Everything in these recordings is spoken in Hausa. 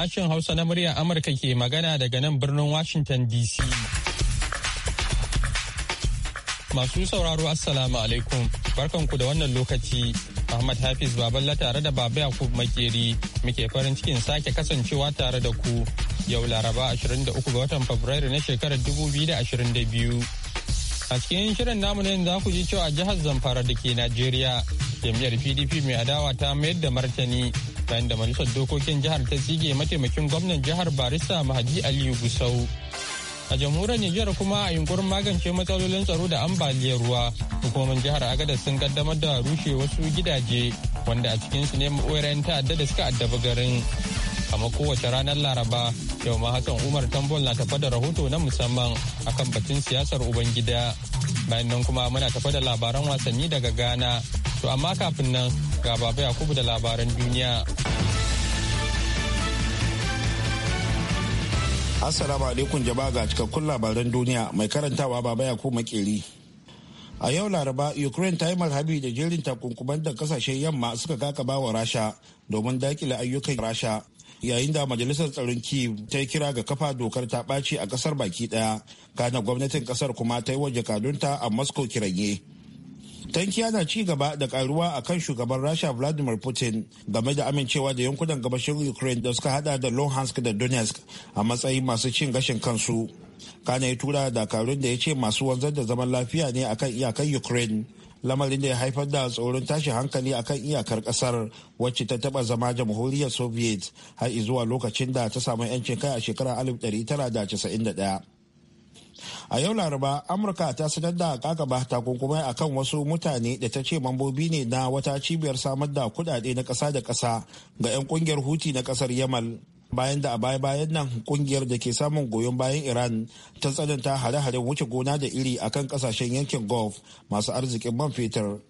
sashen Hausa na murya Amurka ke magana daga nan birnin Washington DC. Masu sauraro Assalamu alaikum, barkanku da wannan lokaci. Ahmad Hafiz Baballa tare da Baba Yakub Makeri muke farin cikin sake kasancewa tare da ku. Yau Laraba 23 ga watan Fabrairu na shekarar 2022. A cikin shirin namu ne za ku ji cewa jihar Zamfara da ke Najeriya, jam'iyyar PDP mai adawa ta mayar da martani bayan da majalisar dokokin jihar ta tsige mataimakin gwamnan jihar barista mahadi aliyu gusau a jamhuriyar nijar kuma a yunkurin magance matsalolin tsaro da ambaliyar ruwa hukumomin jihar agada sun kaddamar da rushe wasu gidaje wanda a cikinsu ne ma'oyar ta'adda da suka addabi garin kama kowace ranar laraba yau ma hassan umar tambol na tafa da rahoto na musamman akan batun siyasar ubangida bayan nan kuma muna tafa da labaran wasanni daga ghana to amma kafin nan ga baba yakubu da labaran duniya Assalamu alaikum jama'a ga cikakkun labaran duniya mai karantawa baba ya makeri. A yau Laraba, Ukraine ta yi marhabi da jerin takunkuman da kasashen yamma suka kaka bawa Rasha domin dakile ayyukan Rasha yayin da majalisar tsaron ki ta yi kira ga kafa dokar ta ɓaci a kasar baki ɗaya, kana gwamnatin kasar kuma ta yi wa jakadunta a Moscow kiranye. tankiya na ci gaba da karuwa a kan shugaban rasha vladimir putin game da amincewa da yankunan gabashin ukraine da suka hada da luhansk da donetsk a matsayin masu cin gashin kansu kana ya tura dakarun da ya ce masu wanzar da zaman lafiya ne akan iyakar ukraine lamarin da ya haifar da tsoron tashi hankali akan iyakar kasar wacce ta taba zama jamhuriyar soviet har zuwa lokacin da ta samu 'yancin kai a shekarar 1991 a yau laraba amurka ta sanar da kakaba takunkumai kan wasu mutane da ta ce mambobi ne na wata cibiyar samar da kudade na kasa da kasa ga 'yan kungiyar huti na kasar yamal bayan da a baya bayan nan kungiyar da ke samun goyon bayan iran ta tsananta hare-haren wuce gona da iri akan kasashen yankin gulf masu arzikin man fetur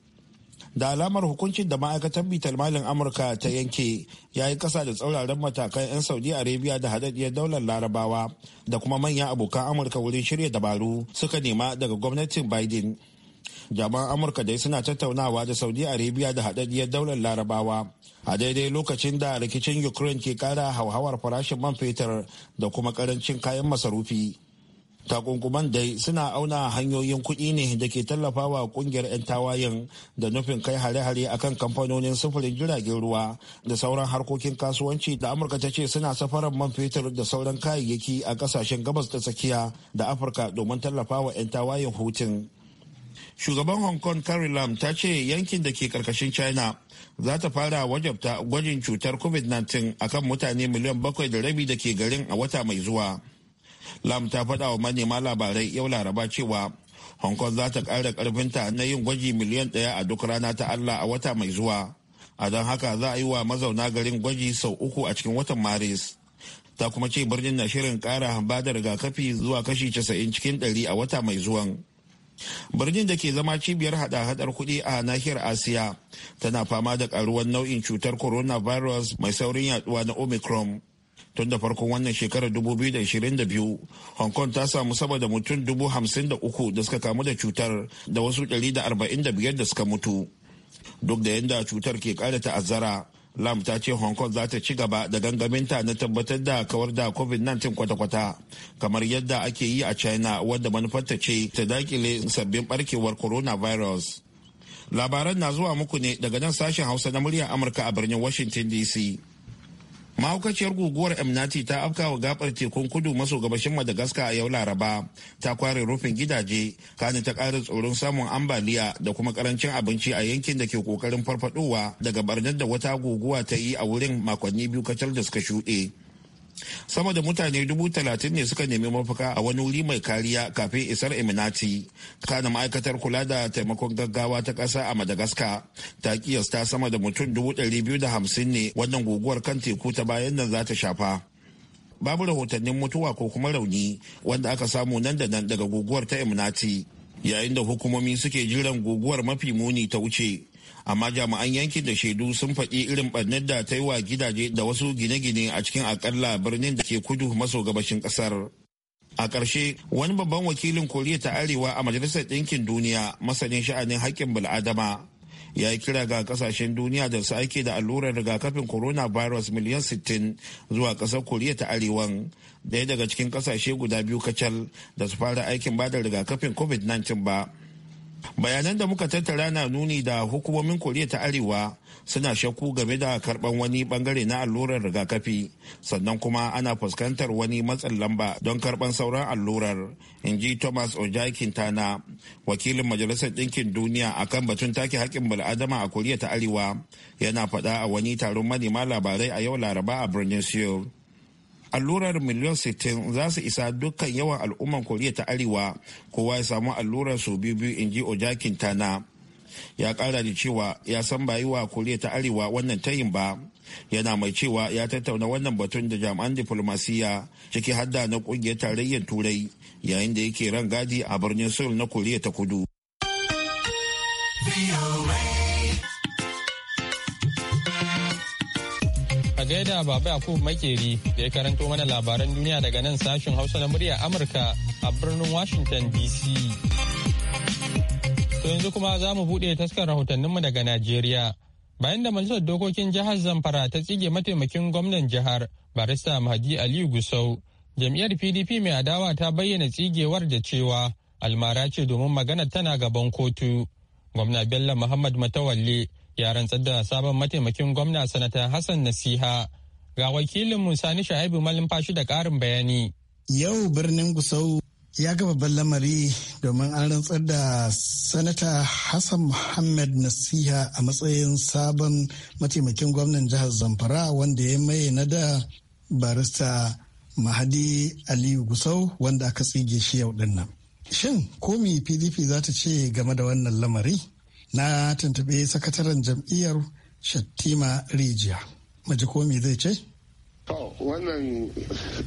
da alamar hukuncin da ma'aikatar bitar malin amurka ta yanke ya yi kasa da tsauraran matakan 'yan saudi arabia da hadaddiyar daular larabawa da kuma manyan abokan amurka wurin shirya dabaru suka nema daga gwamnatin biden jami'an amurka dai suna tattaunawa da saudi arabia da hadaddiyar daular larabawa a daidai lokacin da rikicin ukraine ke kara hauhawar farashin man fetur da kuma karancin kayan masarufi takunkuman dai suna auna hanyoyin kuɗi ne da ke tallafawa kungiyar 'yan tawayen da nufin kai hare-hare akan kamfanonin sufurin jiragen ruwa da sauran harkokin kasuwanci da amurka ta ce suna safarar man fetur da sauran kayayyaki a kasashen gabas da tsakiya da afirka domin tallafa wa 'yan tawayen hutun shugaban hong kong carrie lam ta ce yankin da ke karkashin china za ta fara wajabta gwajin cutar covid-19 akan mutane miliyan bakwai da rabi da ke garin a wata mai zuwa lam ta faɗa wa manema labarai yau laraba cewa hong kong za ta ƙara ƙarfinta na yin gwaji miliyan ɗaya a duk rana ta allah a wata mai zuwa a don haka za a yi wa mazauna garin gwaji sau uku a cikin watan maris ta kuma ce birnin na shirin ƙara ba da rigakafi zuwa kashi casa'in cikin ɗari a wata mai zuwan birnin da ke zama cibiyar hada-hadar kuɗi a nahiyar asiya tana fama da ƙaruwar nau'in cutar coronavirus mai saurin yaduwa na omicron tun da farkon wannan shekarar 2022 hong kong ta samu sama da mutum 53 da suka kamu da cutar da wasu 145 da suka mutu duk da yadda cutar ke kara ta'azzara lam ta ce hong kong za ta ci gaba da gangaminta na tabbatar da kawar da covid-19 kwata-kwata kamar yadda ake yi a china wadda manufarta ce ta dakile sabbin barkewar coronavirus labaran na zuwa muku ne daga nan sashen hausa na muryar amurka a birnin washington dc mahaukaciyar guguwar emnati ta afkawa gabar tekun kudu maso gabashin madagascar a yau laraba ta kware rufin gidaje kani ta ƙara tsoron samun ambaliya da kuma karancin abinci a yankin da ke kokarin farfadowa daga barnar da wata guguwa ta yi a wurin makonni biyu kacal da suka shuɗe sama da mutane dubu talatin ne suka nemi mafaka a wani wuri mai kariya kafin isar iminati kana ma'aikatar kula da taimakon gaggawa ta ƙasa a madagascar ta kiyasta sama da mutum dubu ɗari biyu da hamsin ne wannan guguwar kan teku ta bayan nan za ta shafa babu rahotannin mutuwa ko kuma rauni wanda aka samu nan da nan daga guguwar ta iminati yayin da hukumomi suke jiran guguwar mafi muni ta wuce amma jami'an yankin da shaidu sun faɗi irin ɓarnar da ta yi wa gidaje da wasu gine-gine a cikin akalla birnin da ke kudu maso gabashin ƙasar. A ƙarshe, wani babban wakilin Koriya ta Arewa a Majalisar Ɗinkin Duniya, masanin sha'anin haƙƙin bil'adama, ya yi kira ga ƙasashen duniya da su aike da allurar rigakafin coronavirus miliyan 60 zuwa ƙasar Koriya ta Arewan, daya daga cikin ƙasashe guda biyu kacal da su fara aikin bada rigakafin COVID-19 ba. bayanan da muka tattara na nuni da hukumomin koriya ta arewa suna shakku game da karban wani bangare na allurar rigakafi sannan kuma ana fuskantar wani matsin lamba don karban sauran allurar in ji thomas ojakintana wakilin majalisar ɗinkin duniya akan batun take haƙƙin bal'adama a koriya ta arewa yana faɗa a wani taron manema labarai a yau laraba a birnin seoul allurar miliyan 60 za su isa dukkan yawan al'umman koriya ta arewa kowa ya samu allurar su biyu biyu in ji ojakin tana ya kara da cewa ya san bayi wa koriya ta arewa wannan tayin ba yana mai cewa ya tattauna wannan batun da jami'an diflomasiyya ciki hadda na kungiyar tarayyar turai yayin da yake ran gadi a birnin seoul na koriya ta kudu gaida Baba Yakub Makeri da ya karanto mana labaran duniya daga nan sashen Hausa na murya Amurka a birnin Washington DC. To yanzu kuma za mu buɗe taskar rahotanninmu daga Najeriya. Bayan da majalisar dokokin jihar Zamfara ta tsige mataimakin gwamnan jihar Barista mahadi Aliyu Gusau, jam'iyyar PDP mai adawa ta bayyana tsigewar da cewa almara ce domin magana tana gaban kotu. Gwamna Bello Muhammad Matawalle ya rantsar da sabon mataimakin gwamna sanata Hassan Nasiha ga wakilin Musani Sha'ibu fashi da karin bayani. Yau birnin Gusau ya ga babban lamari domin an rantsar da sanata hassan muhammad nasiha a matsayin sabon mataimakin gwamnan jihar zamfara wanda ya maye na da barista mahadi aliyu gusau wanda aka tsige shi yau dinnan shin komi pdp za ta ce game da wannan lamari na tuntuɓe sakataren jam'iyyar shattima rijiya maji ko me zai ce wannan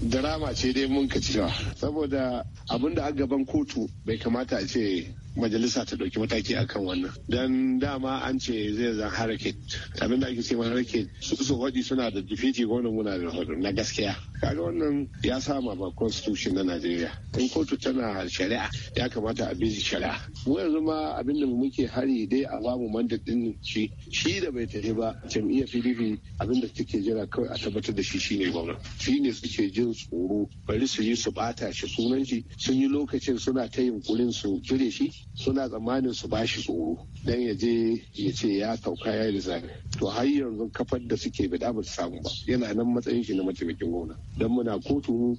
drama ce dai mun ka cewa saboda abinda a gaban kotu bai kamata a ce majalisa ta dauki mataki akan wannan dan dama an ce zai zan haraket abin da ake ce ma haraket su su hodi suna da difiti gwamnan muna da hudu na gaskiya kaga wannan ya sama ba constitution na najeriya in kotu tana shari'a ya kamata a bizi shari'a mu yanzu ma abin da muke hari dai a bamu mandat din shi shi da bai tafi ba jam'iyyar pdp abin da take jira kawai a tabbatar da shi shine gwamna shi ne suke jin tsoro bari su yi su bata shi sunan shi sun yi lokacin suna ta yunkurin su cire shi suna tsammanin su ba shi tsoro dan ya je ya ce ya sauka ya yi zane to har yanzu kafar da suke bida ba su samu ba yana nan matsayin shi na mataimakin gwamna dan muna kotu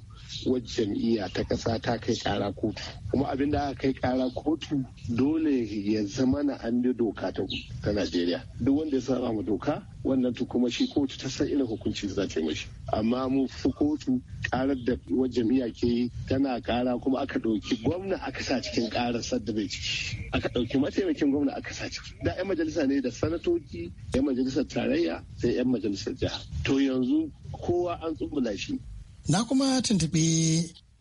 wacce jam'iyya ta kasa ta kai kara kotu kuma abin da aka kai kara kotu dole ya zama na an bi doka ta Najeriya duk wanda ya saba mu doka wannan to kuma shi kotu ta san irin hukunci za ta yi mashi amma mu fi kotu karar da jam'iyya ke yi tana kara kuma aka ɗauki gwamna aka sa cikin karar sadda bai ciki aka ɗauki mataimakin gwamna aka ƙasa ciki da 'yan majalisa ne da sanatoci 'yan majalisar tarayya sai 'yan majalisar jiha to yanzu kowa an tsumbula shi na kuma tuntuɓi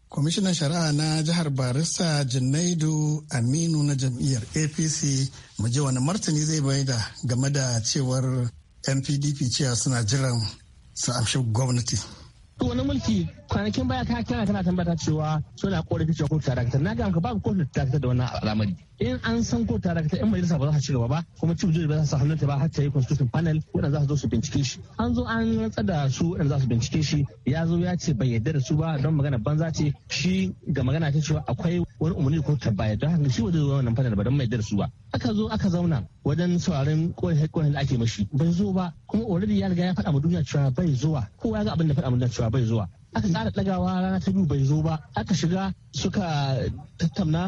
kwamishinan shari'a na jihar barista janaidu aminu na jam'iyyar apc mu ji wani martani zai bayyana game da cewar npdp cewa suna jiran su amshi gwamnati wani mulki kwanakin baya kana tana tambata cewa suna korafi cewa kotu ta dakatar na ga ba kotu ta da wannan al'amari in an san ko tare ta yan majalisa ba za su gaba ba kuma chief judge ba za su hannunta ba har ta yi constitution panel wadda za su zo su bincike shi an zo an rantsa da su waɗanda za su bincike shi ya zo ya ce bai yarda da su ba don magana banza ce shi ga magana ta cewa akwai wani umarni ko ta bayar don haka shi wajen zo wannan panel ba don mai yarda da su ba aka zo aka zauna wajen sauraron kowace da ake mashi bai zo ba kuma already ya riga ya faɗa ma duniya cewa bai zuwa kowa ya ga abin da faɗa ma duniya cewa bai zuwa aka tsara dagawa rana ta biyu bai zo ba aka shiga suka tattauna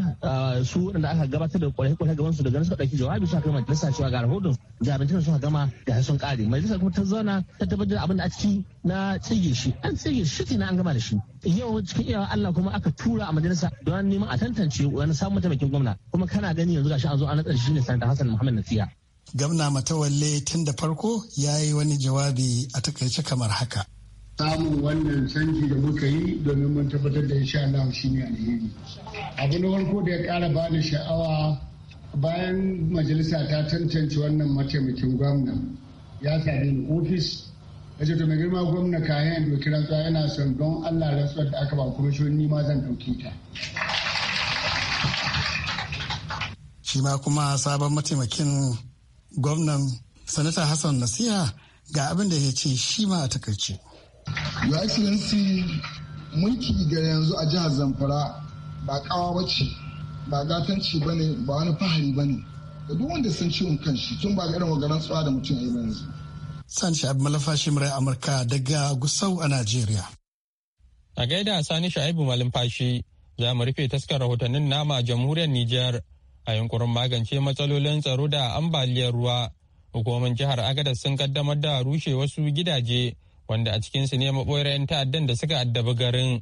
su waɗanda aka gabatar da kwarai kwarai gaban su daga suka ɗauki jawabi suka kai majalisa cewa ga rahoton ga bincin suka gama ga sun ƙare majalisa kuma ta zauna ta tabbatar abin da a ciki na tsige shi an tsige shi na an gama da shi yau cikin iyawa Allah kuma aka tura a majalisa don neman a tantance wani samun mataimakin gwamna kuma kana gani yanzu gashi an zo an natsar shi ne sanata Hassan Muhammad Nasiha. Gamna Matawalle tun da farko ya yi wani jawabi a takaice kamar haka. samun wannan canji da muka yi domin mun tabbatar da insha Allah shi ne alheri abu na farko da ya kara ba da sha'awa bayan majalisa ta tantance wannan mataimakin gwamna ya sami ni ofis ya ce to mai girma gwamna kayan yadda doki rantsuwa yana son don Allah rantsuwar da aka ba kuma shi ni ma zan ɗauki ta shi ma kuma sabon mataimakin gwamnan sanata hassan nasiha ga abin da ya ce shi ma a takarce Your Excellency mulki ga yanzu a jihar Zamfara ba kawa ce ba gatanci ba ne ba wani fahari ba ne da duk wanda sun ciwon kanshi tun ba ga irin wagaran tsawa da mutum ya yi yanzu. Sanshi Abu Malafa Shimrai Amurka daga Gusau a Najeriya. A gaida Sani Sha'ibu Malumfashi za mu rufe taskar rahotannin nama jamhuriyar Nijar a yunkurin magance matsalolin tsaro da ambaliyar ruwa. Hukumomin jihar Agadez sun kaddamar da rushe wasu gidaje wanda a cikin su ne maɓoyar 'yan ta'addan da suka addabi garin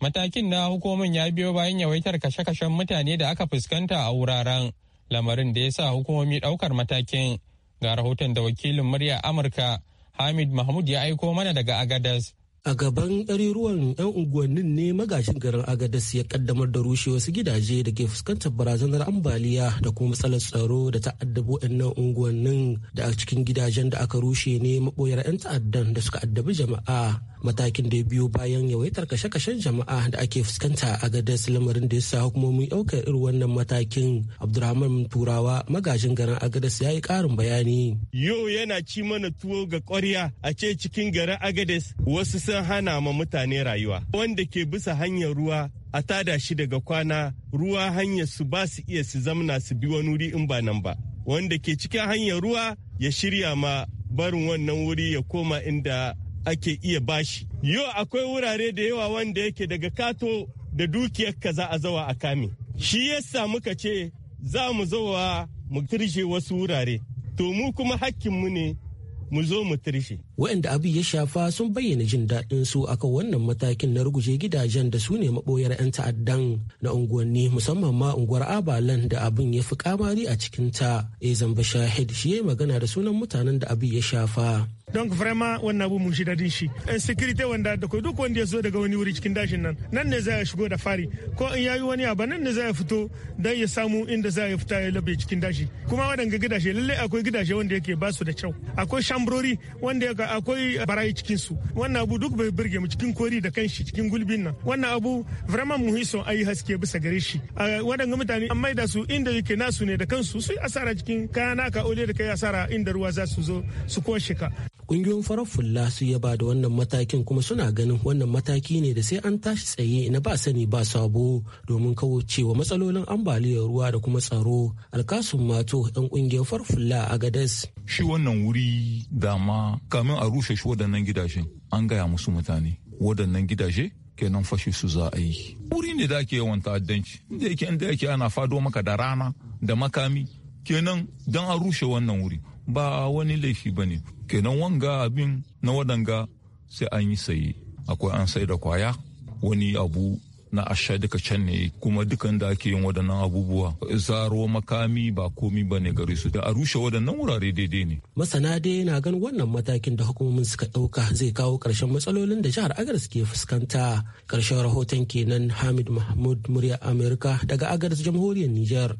matakin na hukumin ya biyo bayan yawaitar kashe-kashen mutane da aka fuskanta a wuraren lamarin da ya sa hukumomi ɗaukar matakin ga rahoton da wakilin murya amurka hamid mahmud ya aiko mana daga agadas a gaban ɗariruwan 'yan unguwannin ne magashin garin agadas ya kaddamar da rushe wasu gidaje da ke fuskantar barazanar ambaliya da kuma matsalar tsaro da ta'addabo 'yan unguwannin da a cikin gidajen da aka rushe ne maboyar 'yan ta'addan da suka addabi jama'a matakin da ya biyo bayan yawaitar kashe-kashen jama'a da ake fuskanta a gadas lamarin da ya sa hukumomin ɗaukar irin wannan matakin abdurrahman turawa magajin garin agadas ya yi ƙarin bayani yau yana ci mana tuwo ga ƙwarya a ce cikin garin agadas wasu sun hana ma mutane rayuwa wanda ke bisa hanyar ruwa a tada shi daga kwana ruwa hanyar su ba su iya su zamna su bi wani wuri in ba nan ba wanda ke cikin hanyar ruwa ya shirya ma barin wannan wuri ya koma inda ake iya bashi yau akwai wurare da yawa wanda yake daga kato da dukiyar ka za a zawa a kame shi yasa muka ce za mu zawa mu kirje wasu wurare to mu kuma mu ne mu zo mu tirshe. Waɗanda abu ya shafa sun bayyana jin daɗin su akan wannan matakin na ruguje gidajen da su ne maɓoyar 'yan ta'addan na unguwanni musamman ma unguwar Abalan da abin ya fi kamari a cikinta. Ezan eh, Bashahid shi ya magana da sunan mutanen da abu ya shafa. donc vraiment wannan abu mun shi dadin shi insecurity eh, wanda da duk wanda ya zo daga wani wuri cikin dashin nan nan ne za ya shigo da fari ko in ya yi wani abu nan ne za ya fito don ya samu inda za ya fita ya labe cikin dashi kuma wadanga gidashe lallai akwai gidashe wanda yake ba su da kyau akwai shambrori wanda yake akwai barayi cikin su wannan abu duk bai burge mu cikin kori da kanshi cikin gulbin nan wannan abu vraiment muhi son ayi haske bisa gare shi wadanga mutane an maida su inda yake nasu ne da kansu su asara cikin kaya naka ole da kai asara inda ruwa za su zo su koshe ka kungiyoyin farar fulla su ya ba da wannan matakin kuma suna ganin wannan mataki ne da sai an tashi tsaye na ba sani ba sabo domin kawo cewa matsalolin ambaliyar ruwa da kuma tsaro alkasun mato yan kungiyar farar fulla a gadas shi wannan wuri dama kamin a rushe shi waɗannan gidajen an gaya musu mutane waɗannan gidaje kenan fashe su za a yi wuri ne da ake yawan ta'addanci inda yake inda yake ana fado maka da rana da makami kenan don a rushe wannan wuri ba wani laifi ba ne kenan wanga abin na wadanga sai an yi saye akwai an sai da kwaya wani abu na asha duka can ne kuma dukan da ake yin waɗannan abubuwa zaro makami ba komi ba ne gare su da a rushe waɗannan wurare daidai ne. masana dai na gan wannan matakin da hukumomin suka ɗauka zai kawo ƙarshen matsalolin da jihar agadas ke fuskanta ƙarshen rahoton kenan hamid mahmud murya amurka daga agadas jamhuriyar niger.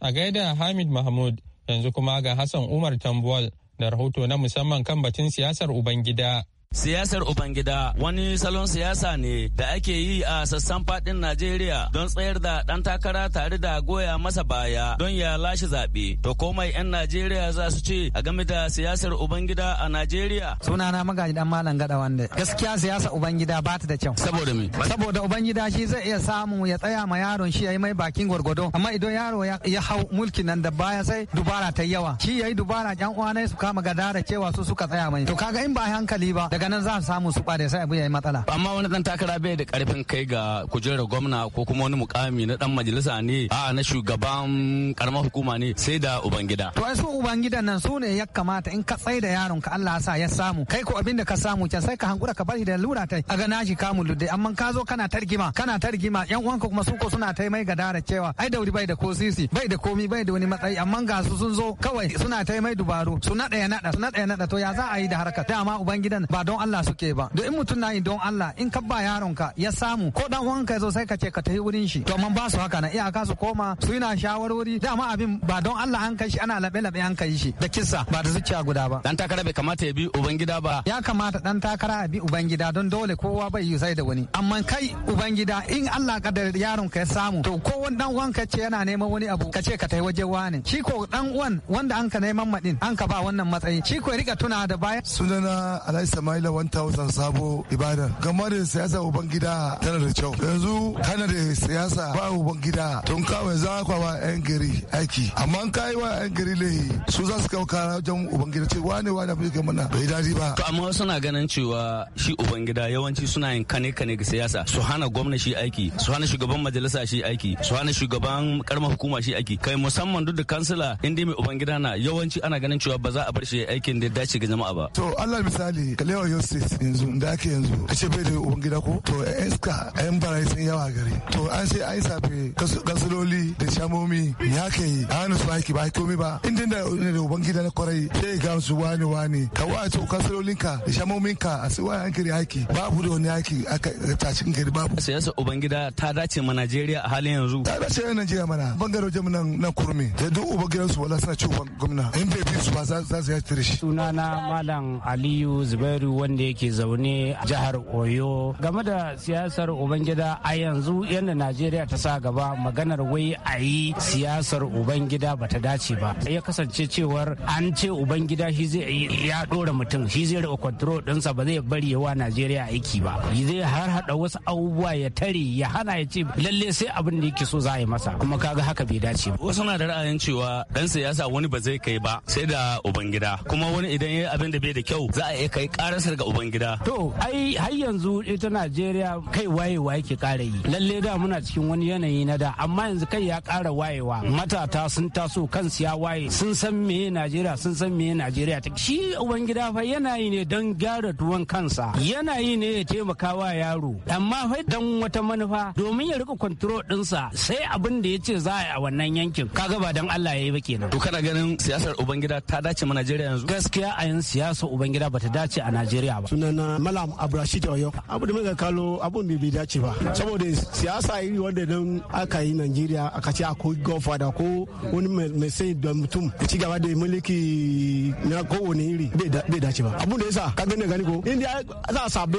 a gaida hamid mahmud Yanzu kuma ga Hassan Umar Tambuwal da rahoto na musamman kan batun siyasar Ubangida. Siyasar Ubangida wani salon siyasa ne da ake yi a sassan fadin Najeriya don tsayar da ɗan takara tare da goya masa baya don ya lashe zaɓe. To komai 'yan Najeriya za su ce a game da siyasar Ubangida a Najeriya. Sunana magaji dan malam gada wanda gaskiya siyasa Ubangida ba ta da kyau. Saboda me? Saboda Ubangida shi zai iya samu ya tsaya ma yaron shi ya yi mai bakin gwargwado amma idan yaro ya hau mulki nan da baya sai dubara ta yawa. Shi ya yi dubara yan uwanai su kama da cewa su suka tsaya mai. To kaga in ba hankali ba daga nan za su samu su kware sai abu ya yi matsala amma wani dan takara bai da karfin kai ga kujerar gwamna ko kuma wani mukami na dan majalisa ne a na shugaban karamar hukuma ne sai da ubangida to ai su ubangidan nan su ne ya kamata in ka tsai da yaron ka Allah ya sa ya samu kai ko abin da ka samu can sai ka hankura ka bari da lura tai a ga naji kamun ludde amma ka zo kana targima kana targima yan uwanka kuma su ko suna ta mai gadara cewa ai dauri bai da ko sisi bai da komi bai da wani matsayi amma ga su sun zo kawai suna ta mai dubaru su nada ya nada su nada ya nada to ya za a yi da harkar dama ubangidan ba don Allah suke ba don in mutum na yi don Allah in ka ba yaron ka ya samu ko dan uwan ka zo sai ka ce ka tafi wurin shi to amma ba su haka na iyaka su koma su yana shawarwari dama abin ba don Allah an kai shi ana labe labe an kai shi da kissa ba da zuciya guda ba dan takara bai kamata ya bi ubangida ba ya kamata dan takara ya bi ubangida don dole kowa bai yi sai da wani amma kai ubangida in Allah kadar yaron ka ya samu to ko wani dan uwan ka ce yana neman wani abu ka ce ka tafi waje wani shi ko dan uwan wanda an ka neman madin an ka ba wannan matsayi shi ko rika tuna da baya sunana Alhaji Samai Ismaila 1000 sabo ibada Game da siyasa Ubangida tana da kyau. Yanzu tana da siyasa ba Ubangida tun kawai za ka ba 'yan gari aiki. Amma an kai wa 'yan gari lehi su za su kawo kara wajen Ubangida ce wane wane abin da mana bai daɗi ba. To amma suna ganin cewa shi Ubangida yawanci suna yin kane kane ga siyasa su hana gwamna shi aiki su hana shugaban majalisa shi aiki su hana shugaban karamar hukuma shi aiki kai musamman duk da kansila inda mai Ubangida na yawanci ana ganin cewa ba za a bar shi aikin da ya dace ga jama'a ba. To Allah misali kalewa oyo state yanzu da ake yanzu a ce bai da uban gida ko to yan iska yan barayi sun yawa gari to an sai an safe kansiloli da shamomi ya ke yi a hannu su aiki ba komi ba inda da ne da uban gida na kwarai sai ga su wani wani ka wa to ka da ka a su wani hankali aiki babu da wani aiki aka tashin gari babu. siyasar uban gida ta dace ma najeriya a halin yanzu. ta dace ma najeriya mana bangaren jami'an na kurmi da duk uban su wala suna ciwon gwamna in bai bi su ba za su yi tirishi. sunana malam aliyu zubairu wanda yake zaune a jihar Oyo. Game da siyasar Ubangida a yanzu yadda Najeriya ta sa gaba maganar wai a yi siyasar Ubangida ba ta dace ba. Ya kasance cewar an ce Ubangida shi zai ya ɗora mutum shi zai riƙa control dinsa ba zai bari yawa Najeriya aiki ba. Zai har hada wasu abubuwa ya tare ya hana ya ce lalle sai abin da yake so za a yi masa kuma kaga haka bai dace ba. Wasu na da ra'ayin cewa dan siyasa wani ba zai kai ba sai da Ubangida kuma wani idan ya abin da bai da kyau za a iya kai karas. bisa ga ubangida to ai har yanzu ita najeriya kai wayewa yake kara yi lalle da muna cikin wani yanayi na da amma yanzu kai ya kara wayewa matata sun taso kansu ya waye sun san meye najeriya sun san meye najeriya ta shi ubangida fa yana yi ne don gyara tuwon kansa yana yi ne ya taimaka wa yaro amma fa dan wata manufa domin ya rika din dinsa sai abin da ya ce za a yi a wannan yankin kaga ba dan Allah ya yi ba kenan to kana ganin siyasar ubangida ta dace ma najeriya yanzu gaskiya a yin siyasar ubangida bata dace a najeriya Najeriya ba. Sunana Malam Abrashid Oyo. Abu da muka kalo abun da bai dace ba. Saboda siyasa iri wanda nan aka yi Najeriya aka ce akwai godfather ko wani mai sai da mutum ci gaba da mulki na kowane iri bai dace ba. Abun da yasa ka gani gani ko inda za a sabe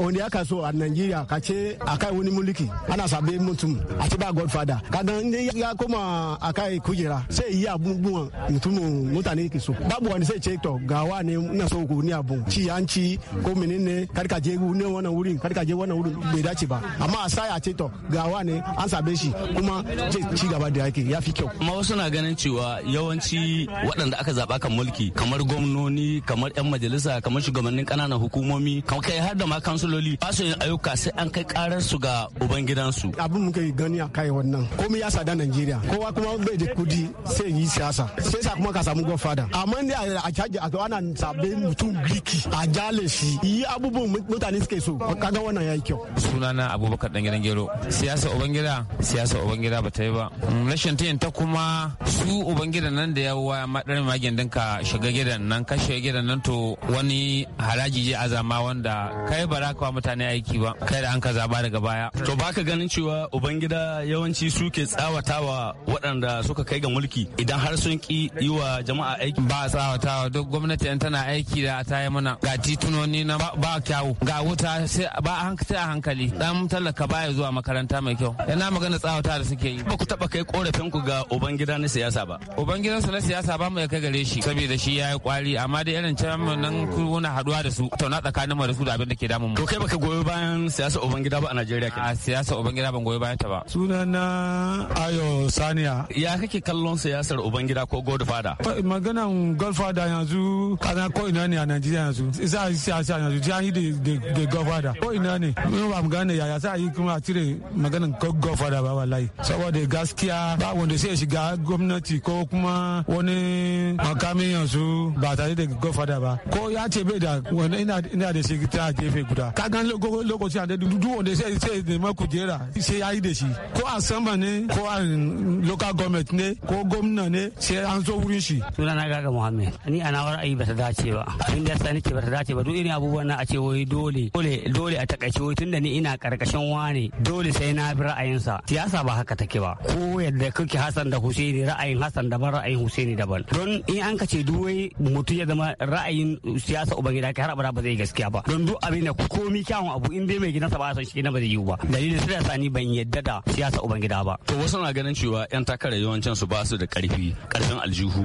wanda aka so a Najeriya ka ce akai wani mulki ana sabe mutum a ci ba godfather. Ka gani ya koma akai kujera sai yi abubuwan mutumin mutane ke so. Babu wani sai ce to ga wa ne na so ku ni abun ci yanci ko menene karka ka je ne wannan wurin karka ka je wannan wurin bai dace ba amma a saya ce to ga wane an sabe shi kuma ce ci gaba da yake ya fi kyau amma wasu na ganin cewa yawanci waɗanda aka zaba kan mulki kamar gwamnoni kamar yan majalisa kamar shugabannin ƙananan hukumomi kamar kai har da ma kansuloli ba su yin ayyuka sai an kai karar su ga ubangidansu abin muke gani a kai wannan komai ya sada Najeriya kowa kuma bai da kudi sai yi siyasa sai sa kuma ka samu godfather amma ne a caji a ana sabe mutum biki a a jale shi yi abubuwan mutane suke so kaga wannan yayi kyau sunana abubakar dan gidan gero siyasa ubangida siyasa ubangida ba ta yi ba mm, rashin tayin ta kuma su ubangida nan da yawa madarin magin dinka shiga gidan nan ka shiga gidan nan to wani haraji je azama wanda kai ba za ka mutane aiki ba kai da an ka zaba daga baya to baka ganin cewa ubangida yawanci su ke tsawatawa waɗanda suka kai ga mulki idan har sun ki yi wa jama'a aiki ba tsawatawa duk gwamnati tana aiki da ta yi mana ga titunoni na ba kyawu ga wuta sai ba a hankali dan talaka baya zuwa makaranta mai kyau yana magana tsawata da suke yi ba ku taba kai korafin ku ga ubangida na siyasa ba ubangidansa na siyasa ba mai kai gare shi saboda shi yayi kwari amma dai irin can nan kuna haduwa da su tauna tsakanin mu da su da abin da ke damun mu to kai baka goyi bayan siyasa ubangida ba a Najeriya kenan a siyasa ubangida ban goyi bayan ta ba sunana Ayo Saniya ya kake kallon siyasar ubangida ko Godfather maganan Godfather yanzu kana ko ina ne a Najeriya yanzu za a yi siyasa yanzu jihohi da gofada ko ina ne mun ba mu gane yaya za a yi kuma a cire maganin gofada ba wallahi saboda gaskiya ba wanda sai shiga gwamnati ko kuma wani makamin yanzu ba tare da gofada ba ko ya ce bai da wani ina da shi ta gefe guda ka gan lokaci a duk wanda sai sai da ma kujera sai ya yi da shi ko a sama ne ko a local government ne ko gwamna ne sai an zo wurin shi n'a gaga muhammed ni ana wani ayi ba ta dace ba abin da ya sa nake ba ta dace ba duk irin abubuwan na a ce wai dole dole dole a takaice wai tunda ni ina karkashin wane dole sai na bi ra'ayinsa siyasa ba haka take ba ko yadda kake Hassan da Husaini ra'ayin Hassan daban ra'ayin Husaini daban don in an kace duk wai mutum ya zama ra'ayin siyasa ubangida kai har abada ba zai gaskiya ba don duk abin da komi kyawun abu in dai mai gidansa ba san shi na ba zai yiwu ba dalilin sai sani ban yadda da siyasa ubangida ba to wasu na ganin cewa yan takara yawancin su ba su da karfi karfin aljihu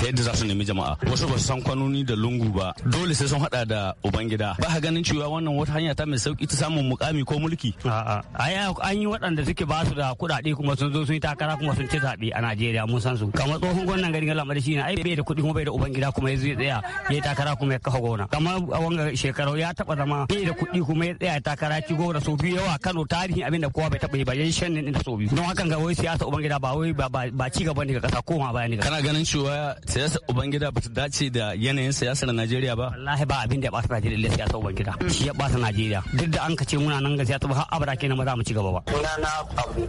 ta yadda za su nemi jama'a wasu ba su san kwanoni da lungu ba dole sai sun hada da ubangida ba ka ganin cewa wannan wata hanya ta mai sauki ta samun mukami ko mulki a a an yi waɗanda suke ba su da kuɗaɗe kuma sun zo sun yi takara kuma sun ci zaɓe a Najeriya mun san su kamar tsohon gwamnan garin Gala Madashi shine ai bai da kuɗi kuma bai da ubangida kuma ya zai ya tsaya ya yi takara kuma ya kafa gona kamar a wanga shekaru ya taɓa zama bai da kuɗi kuma ya tsaya takara ci gona sau biyu yawa Kano tarihin abin da kowa bai taɓa yi ba yan shan ne da sau biyu don hakan ga wai siyasa ubangida ba wai ba ci gaba ne ga ƙasa koma baya ne kana ganin cewa siyasa ubangida ba ta dace da yanayin siyasar Najeriya ba wallahi ba abin da ya ɓata Najeriya illa siyasa gida. Mm. Shi ya ɓata Najeriya. Duk da an ka ce muna nan ga siyasa ba har abada kenan ba za mu ci gaba ba. Sunana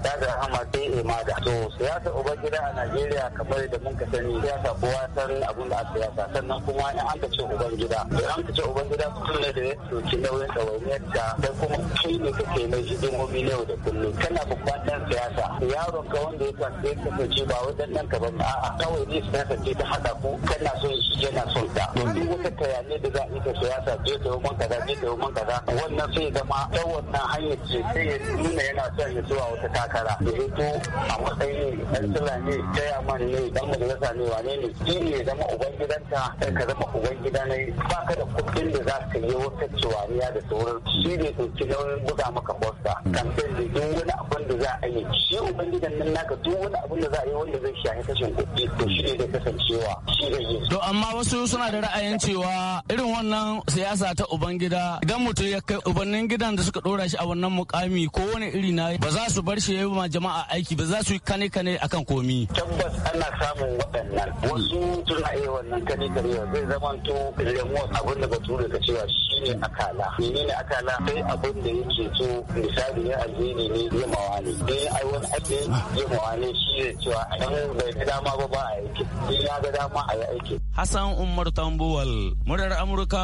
da Ahmad sai Imada. To siyasa uban gida a Najeriya kamar da mun ka sani siyasa kowa san abin da a siyasa sannan kuma in an ka ce Ubangida. In an ka ce gida kun ne da ya ki nauyin ɗawainiyar ta da kuma kai ne kake mai hidimomi na da kullum. Kana bukatar siyasa. Yaron ka wanda ya kasance ba wajen nan ka ba a'a kawai ne siyasa ce ta haɗa ku kana so shi yana son ta. Duk wata tayane da za ita siyasa je ta hukun kaza je ta hukun kaza wannan sai zama ta wannan hanyar ce sai ya nuna yana son ya zuwa wata takara da hito a matsayin ne dan sila ne chairman ne dan majalisa ne wane ne shi ne zama uban gidanta sai ka zama uban gida ne ba ka da kuɗin da za ka yi wata ciwariya da sauran shi ne ɗauki nauyin buga maka fosta kamfen da duk wani abin da za a yi shi uban gidan nan naka duk wani abin da za a yi wanda zai shafi kashin kuɗi to shi ne da kasancewa shi da yi. to amma wasu suna da ra'ayin cewa irin wannan siyasa ta ubangida idan mutum ya kai ubannin gidan da suka dora shi a wannan mukami ko wani iri na ba za su bar shi yi ma jama'a aiki ba za su yi kane kane akan komi tabbas ana samun waɗannan wasu suna iya wannan kane kane zai zamanto lemuwa abin da tura ka cewa shi ne akala ne akala sai abin da yake so misali ya aljini ne ya mawa ne ya ai wani ake ya mawa ne shi ne cewa dan bai ga dama ba ba a aiki ni ya ga dama a yi aiki Hassan Umar Tambuwal murar Amurka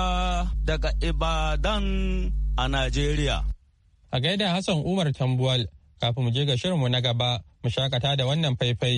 daga Ibadan a Najeriya a gaida Hassan Umar Tambuwal kafin mu je ga shirinmu na gaba mu shakata da wannan faifai.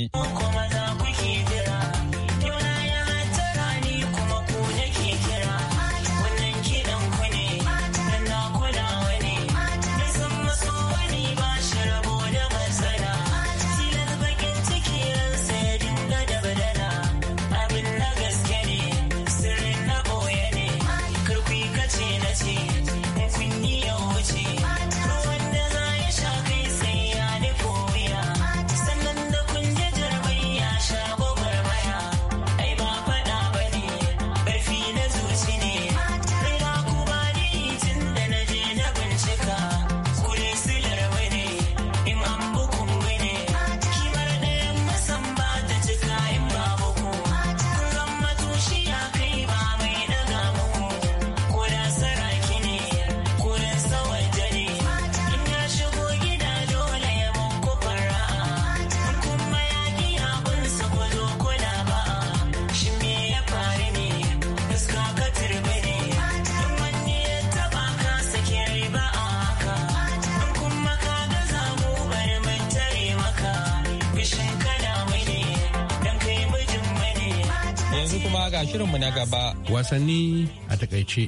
a shirinmu na gaba. Wasanni a takaice.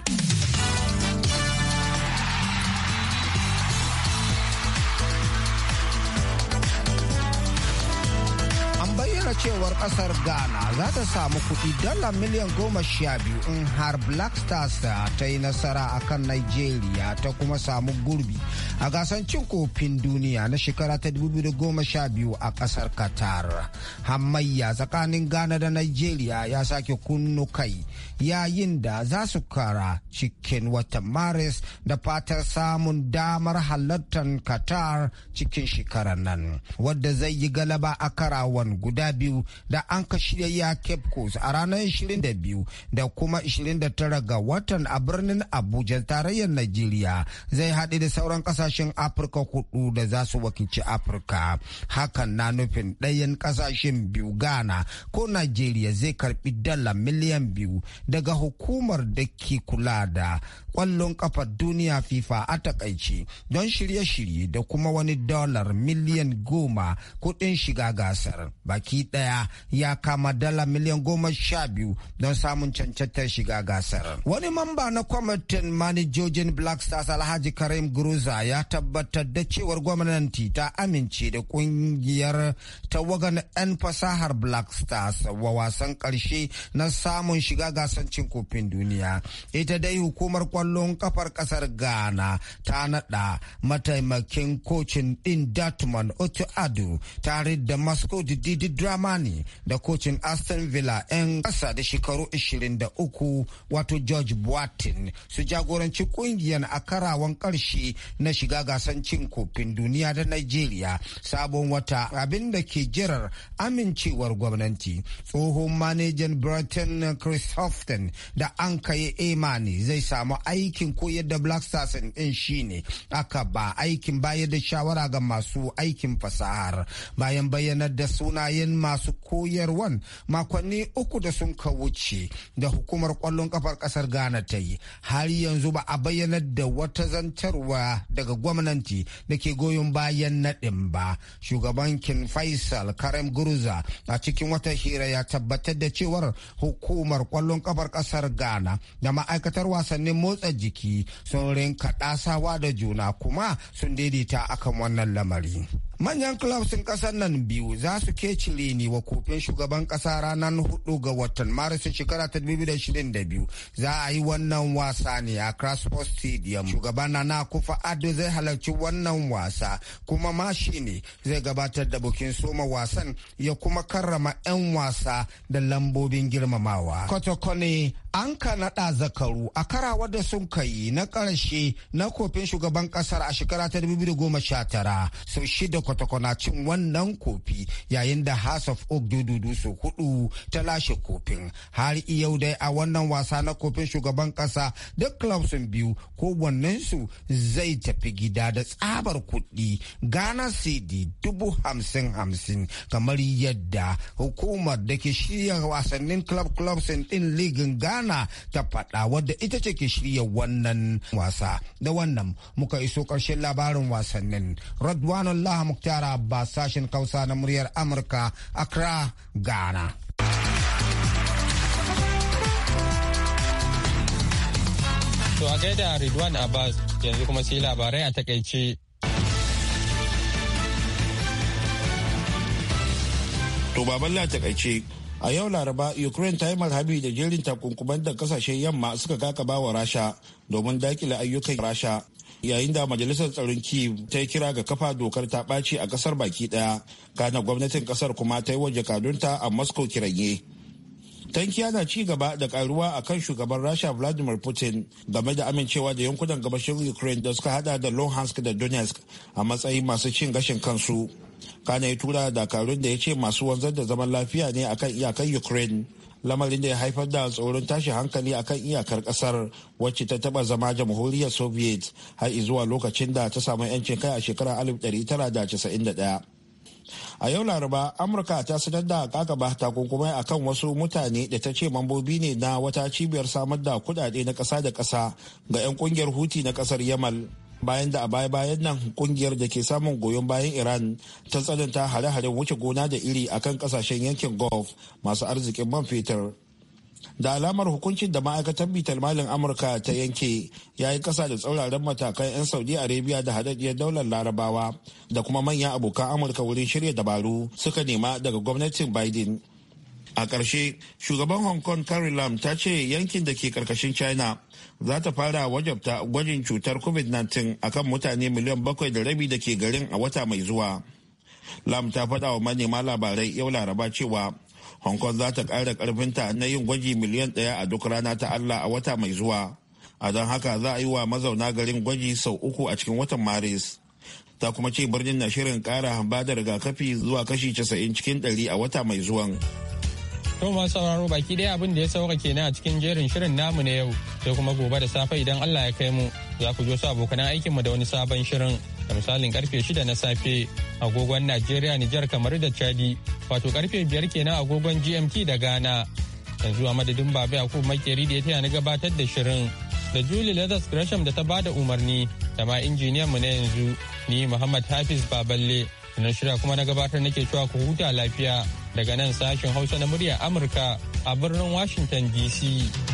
cewar kasar ghana za ta samu kuɗi dala miliyan goma sha biyu in har black stars ta yi nasara akan nigeria ta kuma samu gurbi a gasar cin kofin duniya na shekara ta 2012 a kasar qatar hamayya tsakanin ghana da nigeria ya sake kunnu kai yayin da za su kara cikin watan maris da fatar samun damar halartar qatar cikin shekarar nan wadda zai yi galaba a karawan guda biyu da an ka shirya ya cape coast a ranar 22 da kuma 29 ga watan a birnin abuja tarayyar nigeria zai haɗe da sauran ƙasa kasashen afirka hudu da za su wakilci afirka hakan na nufin ɗayan kasashen biyu ghana ko nigeria zai karbi dala miliyan biyu daga hukumar da ke kula da kwallon kafar duniya fifa a takaice don shirye-shirye da kuma wani dalar miliyan goma kuɗin shiga gasar baki ɗaya ya kama dala miliyan goma sha biyu don samun cancantar shiga gasar wani mamba na kwamitin manajojin black stars alhaji karim groza ya ya tabbatar da cewar gwamnati ta amince da kungiyar tawagan 'yan fasahar black stars wa wasan karshe na samun shiga gasar cin kofin duniya ita dai hukumar kwallon kafar kasar ghana ta nada mataimakin kocin din datman otu adu tare da masco didi dramani da kocin aston villa 'yan kasa da shekaru 23 wato george boatin su jagoranci kungiyar a karawan karshe na shiga gasan cin kofin duniya da Najeriya sabon wata abin da ke jirar amincewar gwamnati. Tsohon manajan Brighton Chris Houghton da an kai Emani zai samu aikin koyar da Black Stars ɗin shine aka ba aikin bayar da shawara ga masu aikin fasahar bayan bayyanar da sunayen masu koyarwan makonni uku da sun ka wuce da hukumar kwallon kafar kasar Ghana ta yi har yanzu ba a bayyanar da wata zantarwa daga daga gwamnati da ke goyon bayan naɗin ba shugaban kin faisal karim guruza a cikin wata hira ya tabbatar da cewar hukumar kwallon kafar ƙasar ghana da ma'aikatar wasannin motsa jiki sun rinka ɗasawa da juna kuma sun daidaita akan wannan lamari manyan clubs sun kasar nan biyu za su kecile ne wa kofin shugaban kasa ranar hudu ga watan maris shekara ta 2022 za a yi wannan wasa ne a crossport stadium shugaban nana kufa ado zai halarci wannan wasa kuma ma shi ne zai gabatar da bukin soma wasan ya kuma karrama 'yan wasa da lambobin girmamawa kotokone an ka naɗa zakaru a karawar da sun kai na ƙarshe na kofin shugaban ƙasar a shekara ta 2019 sau shida kwatakwana cin wannan kofi yayin da House of Oak dududu su hudu ta lashe kofin har yau dai a wannan wasa na kofin shugaban ƙasa da club sun biyu su zai tafi gida da tsabar kuɗi Ghana CD dubu hamsin hamsin kamar yadda hukumar da ke shirya wasannin club clubs din ligin Ghana Ghana ta fada wadda ita ce ke shirya wannan wasa. Da wannan muka iso karshen labarin wasannin. radwan allah muktara ba sashen Kausa na muryar Amurka, Accra, Ghana. To a gaida Ridwan Abbas yanzu kuma sai labarai a takaice. To baban la takaice a yau laraba ukraine ta yi marhabi da jerin takunkuman da kasashen yamma suka kakaba wa rasha domin dakile ayyukan rasha yayin da majalisar tsaron kiev ta yi kira ga kafa dokar ta ɓaci a ƙasar baki ɗaya kana gwamnatin ƙasar kuma ta yi wa jakadunta a moscow kiranye tankiya na ci gaba da karuwa a kan shugaban rasha vladimir putin game da amincewa da yankunan gabashin ukraine da suka hada da luhansk da donetsk a matsayin masu cin gashin kansu kana ya tura dakarun da ya ce masu wanzar da zaman lafiya ne akan iyakar ukraine lamarin da ya haifar da tsoron tashi hankali akan iyakar kasar wacce ta taba zama jamhuriyar soviet har zuwa lokacin da ta samu 'yancin kai a shekarar 1991 a yau laraba amurka ta sanar da kakaba takunkumai akan wasu mutane da ta ce mambobi ne na wata cibiyar samar da kudade na kasa da kasa ga 'yan kungiyar huti na kasar yamal bayan da a baya-bayan nan kungiyar da ke samun goyon bayan iran ta tsananta hare-haren wuce gona da iri a kan kasashen yankin gulf masu arzikin man fetur da alamar hukuncin da ma'aikatar bitar malin amurka ta yanke ya yi kasa da tsauraran matakan 'yan saudi arabia da haɗaɗɗiyar daular larabawa da kuma manyan abokan amurka wurin shirya dabaru suka nema daga gwamnatin biden a ƙarshe shugaban hong kong carrie lam ta ce yankin da ke karkashin china za ta fara wajabta gwajin cutar covid-19 akan mutane miliyan bakwai da rabi da ke garin a wata mai zuwa lam ta faɗa wa manema labarai yau laraba cewa hong kong za ta ƙara ƙarfinta na yin gwaji miliyan ɗaya a duk rana ta allah a wata mai zuwa a don haka za a yi wa mazauna garin gwaji sau uku a cikin watan maris ta kuma ce birnin na shirin ƙara ba da rigakafi zuwa kashi 90 cikin ɗari a wata mai zuwan To masu sauraro baki daya abin da ya sauka kenan a cikin jerin shirin namu na yau sai kuma gobe da safe idan Allah ya kai mu za ku jo su abokan aikinmu da wani sabon shirin da misalin karfe 6 na safe agogon Najeriya Nijar kamar da Chadi wato karfe 5 kenan agogon GMT da Ghana yanzu a madadin Baba kuma Makeri da ya taya ni gabatar da shirin da Julie Leathers Gresham da ta bada umarni da ma injiniyan mu na yanzu ni Muhammad Hafiz Baballe na shirya kuma na gabatar nake cewa ku huta lafiya daga nan sashen hausa na murya amurka a birnin washington dc